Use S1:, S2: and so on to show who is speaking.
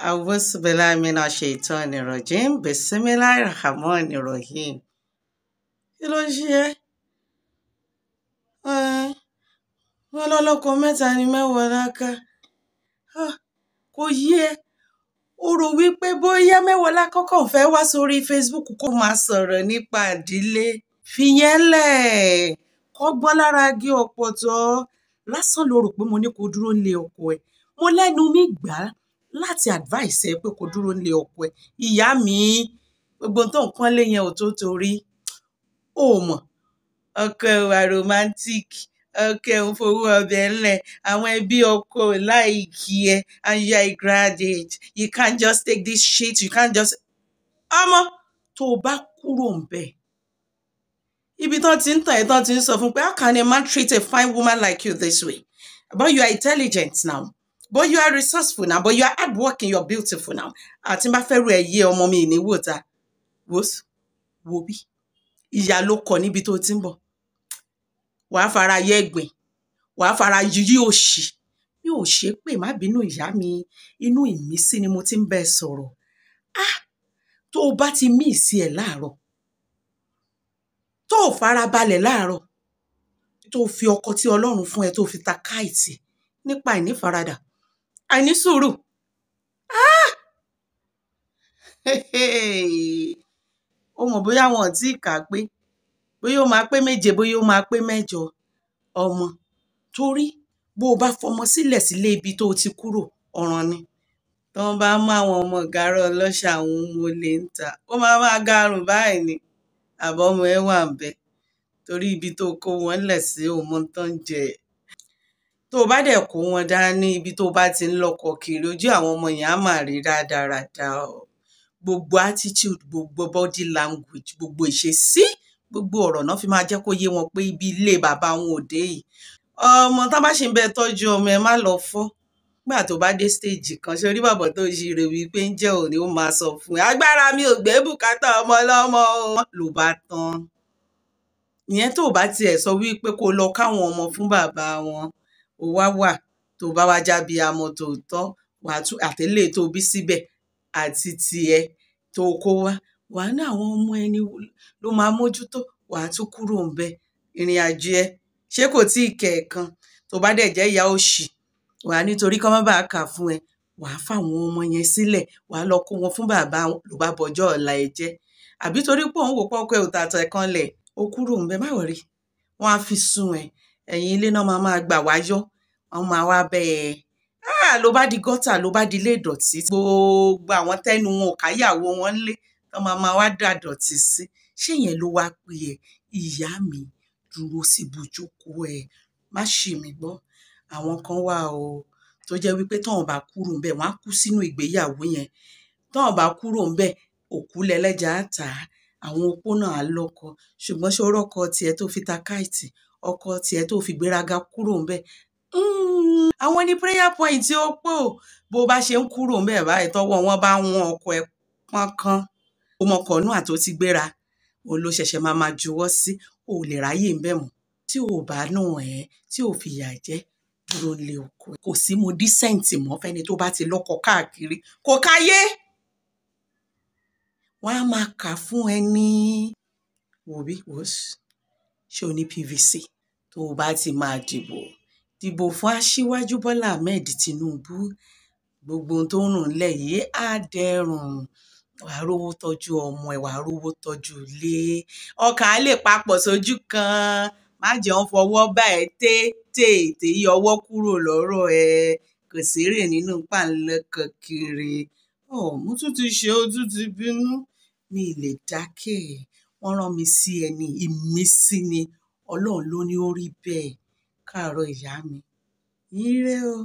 S1: awosibela shaitan rojim bisimilahi rahman rahim kí ló ń ṣe ẹ wọn lọlọkọ mẹ́ta ni mẹ́wàá láká kò yí ẹ ó rò wípé bóyá mẹ́wàá lákọkọ fẹ́ wá sórí facebook kó máa sọ̀rọ̀ nípa ìdílé fìyẹn lẹ kọ́gbọ́n lára gé ọ̀pọ̀tọ́ lásán ló rò pé mo ní kó dúró lé ọkọ ẹ mo lẹ́nu mi gbàá láti advice ẹ pé kò dúró nílé ọkọ ẹ ìyá mi gbogbo tó nǹkan lé yẹn ò tó torí ó mọ ọkọ ẹwà romantic ọkọ ẹ̀hún fowó ọbẹ̀ ńlẹ̀ àwọn ẹbí ọkọ láìkí ẹ and you are a graduate you can't just take this shit you can't just ọmọ tó o bá kúrò ń bẹ̀ ibi tán ti ń tàn ẹ́ tán ti ń sọ fún pé how can a man treat a fine woman like you this way but you are intelligent now but you are resourceful now but you are hardworking you are beautiful now àti ah, bá fẹ́ rú ẹ̀yẹ ọmọ mi ní wò ta wo bí ìyá ló kọ níbi tó ti ń bọ̀ wàá fara yẹ ẹ̀gbìn wàá fara yíyí òṣì mi ò ṣe pé má bínú ìyá mi inú ìmísí ni mo ti ń bẹ sọ̀rọ̀ ah tó o bá ti mí ìsí ẹ̀ láàárọ̀ tó o fara balẹ̀ láàárọ̀ tó o fi ọkọ tí Ọlọ́run fún ẹ tó o fi ta káìtì nípa ìnífaradà àìní sùúrù. ó ah! mọ̀ bóyá wọn ò tí ì kà á pé bóyá ó máa pé méje bóyá ó máa pé mẹ́jọ ọmọ torí bó o bá fọmọ sílẹ̀ sílé ibi tó o ti kúrò ọ̀ràn ni tí wọ́n bá mú àwọn ọmọ ìgárọ̀ ọlọ́ṣà àwọn ọmọ olè ń ta ó máa máa garùn báyìí ni àbọ̀mọ ẹ wà ń bẹ torí ibi tó kó wọn lẹ̀ sí òun mọ́ tán jẹ tó o bá dé kó wọn dání ibi tó o bá ti ń lọ́kọ kiri ojú àwọn ọmọ yẹn á máa rí rádaràda o gbogbo attitude gbogbo body language gbogbo ìṣesí gbogbo ọ̀rọ̀ náà fi máa jẹ́ kó yé wọn pé ibi ilé bàbá wọn ò dé yìí ọmọ tá bá ṣe ń bẹ tọ́jú ọmọ ẹ má lọ fọ́ gbà tó bá dé stage kan ṣe orí bàbá tó ṣe rè wí pé ń jẹ́ òní ó máa sọ fún ẹ agbára mi ò gbé bùkátà ọmọ ọlọ́mọ ló bá tán ìyẹn tó bá tiẹ̀ sọ wípé kó lọ káwọn ọmọ fún bàbá wọn ó wá wà tó bá wá jábí amọ tòótọ́ wà á tún àtẹlé tó bí síbẹ̀ àti tiẹ tó kó wá wà á ní àwọn ọmọ ẹni ló máa mójútó wà á tún kúrò ń bẹ ìrìn àjò ẹ ṣé kò tí ì kẹ̀ẹ̀kan tó bá dẹ̀ jẹ́ ìyá òṣì wà á nítorí kọ́ má bàa kà fún ẹ wà á fáwọn ọmọ yẹn sílẹ̀ wà á lọ kó wọn fún bàbá ló bá bọjọ́ ọ̀la ẹ jẹ́ àbí torí pé òun wò pọ́kọ́ ẹ̀ òtàtọ̀ ẹ̀ lẹ̀ ó kúrò ń bẹ má wọ̀rí wọ́n á fi sun ẹ̀ ẹ̀yìn ilé náà máa máa gbà wá yọ́ wọ́n máa wá bẹ́ẹ̀ áà ah, ló bá di gọ́tà ló bá di ilé ìdọ̀tí gbogbo àwọn tẹ́nu wọn ò wọn lé wọ́n máa máa wá dà dọ̀tí sí ṣé yẹn ló wá pè ẹ́ ìyá mi dúró sí ibùjókòó ẹ̀ má ṣì mí gbọ́ àwọn kan wà o tó jẹ́ wípé tọ́wọ́n bá kúrò ńbẹ̀ wọ́n á kú sínú ìgbéyàwó yẹn tọ́wọ́n bá kúrò ńbẹ̀ òkú lẹ́lẹ́jà á tà á àwọn opó náà á lọ́kọ ṣùgbọ́n ṣé ó rọ́kọ tiẹ̀ tó fi ta káìtì ọkọ tiẹ̀ tó fi gbéraga kúrò ń bẹ̀ hmm, àwọn ní prayer point tí ó pò bó bá ṣe ń kúrò ń bẹ̀ báyìí tọ́wọ́ wọn bá wọn ọkọ ẹ̀ pọ́n kan ọmọkọ̀ọ́nù àtó ti gbéra o ló ṣẹ̀ṣẹ̀ máa máa juwọ́ sí o lè ráyè ń bẹ̀ mọ́ tí ò bá nà ẹ́ tí ò fìyà jẹ dúró lé ọkọ ẹ̀ kò sí mo decent mọ́ fẹ́ni tó bá ti lọ́kọ káàkiri kò káyé wọ́n á máa kà fún ẹni wòbí wòsù ṣé o ní PVC tó o bá ti máa dìbò dìbò fún aṣíwájú Bọ́lá Ahmed Tinubu gbogbo ohun tó ń rùn nílẹ̀ yìí á dẹrùn wàá rówó tọ́jú ọmọ ẹ̀ wàá rówó tọ́jú ilé ọkà á lè papọ̀ sójú kan má jẹun fọwọ́ bá ẹ tètè yọwọ́ kúrò lọ́rọ̀ ẹ kò sérè nínú pàǹlẹ́ kiri ọ̀ mo tún ti ṣe ojú ti bínú mi lè dákẹ́ wọ́n rán mi sí ẹ ní ìmísí ni ọlọ́run ló ní ó rí bẹ́ẹ̀ káàárọ̀ ìyá mi ire o